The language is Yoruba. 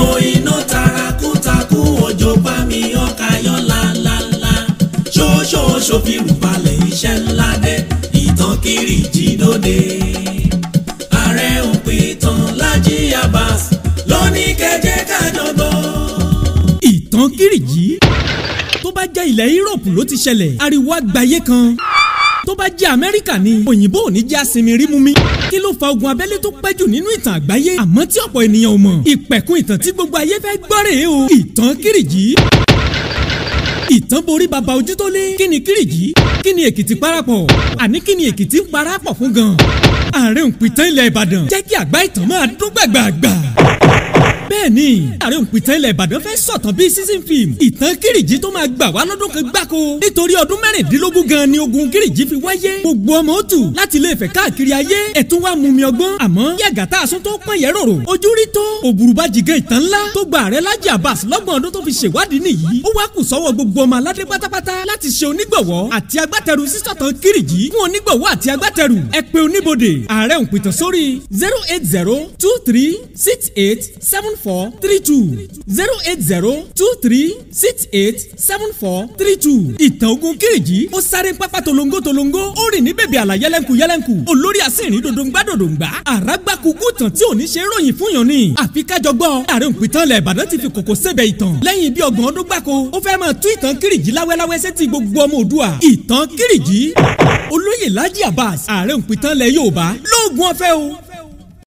o iná tarakútakú òjò bá mi ọkà yọ lálálá ṣóṣóṣó fi rùbalẹ̀ iṣẹ́ ńlá dé ìtàn kiri jídóde. ààrẹ òpin ìtàn Laji Abbas tó bá jẹ́ ilẹ̀ Europe ló ti ṣẹlẹ̀ ariwo àgbáyé kan tó bá jẹ́ amẹ́ríkà ni òyìnbó ò ní jẹ́ asinmi rí mú mi. kí ló fa ogun abẹ́lé tó pẹ́ jù nínú ìtàn àgbáyé àmọ́ tí ọ̀pọ̀ ènìyàn ò mọ̀ ìpẹ̀kun ìtàn tí gbogbo ayé fẹ́ gbọ́ o ìtàn kìrìjì ìtàn borí baba ojú tó lé kí ni kírìjì kí ni èkìtì parapọ̀ àní kí ni èkìtì ń parapọ̀ fún gan. ààrẹ òǹpìtàn ilẹ̀ ìbàdàn jẹ́ kí àgbá ìtàn máa dún bẹ́ẹ̀ ni ààrẹ òǹpìtàn ilẹ̀ Ìbàdàn fẹ́ sọ̀tàn bíi season film ìtàn kìrìjì tó máa gbà wá lọ́dún kan gbáko nítorí ọdún mẹ́rìndínlógún gan ni ogun kìrìjì fi wáyé gbogbo ọmọ ó tù láti lè fẹ́ káàkiri ayé ẹ̀tún wá mumi ọgbọ́n àmọ́ yàgàtà àsun tó pọ̀ yẹ́ rorò ojú rí tó òbúrúbájì gan ìtàn ńlá tó gba ààrẹ Laji Abbas lọ́gbọ̀n ọdún tó fi ṣèwádìí nìyí ó four three two zero eight zero two three six eight seven four three two. ìtàn ogun kìrìjì ó sáré pápá tolongo tolongo ó rìn ní bèbè àlà yẹlẹ́nkù yẹlẹ́nkù olórí àsìnrìn dòdòǹgbà dòdòǹgbà àràgbàkúgbù tàn tí ò ní ṣe ròyìn fún yàn ni àfi kájọ gbọ́ ààrẹ òǹpìtàn lẹ̀ ìbàdàn ti fi kòkò sébẹ̀ ìtàn lẹ́yìn bí ọgbọ̀n ọdún gbáko ó fẹ́ máa tú ìtàn kìrìjì láwẹ́láwẹ́ sétí gbogbo ọmọ òdua ìtàn kìrìjì olóyè Lájí Abbas ààrẹ òǹpìtàn lẹ̀ Yorùbá lóògùn ọ̀fẹ́ o